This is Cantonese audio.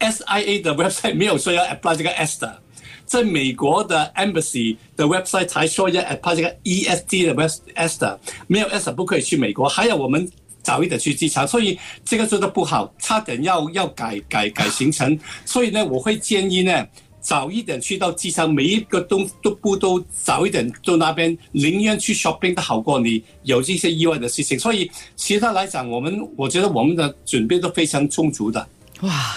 SIA 的 website 沒有說要 apply 這個 EST 的，在美國的 embassy 的 website 才說要 apply 這個 EST 的，沒有 EST 不可以去美國。還有我們早一點去機場，所以這個做得不好，差點要要改改改行程。所以呢，我會建議呢早一點去到機場，每一個東都不都早一點到那邊，寧願去 shopping 都好過你有這些意外的事情。所以其他來講，我們我覺得我們的準備都非常充足的。哇！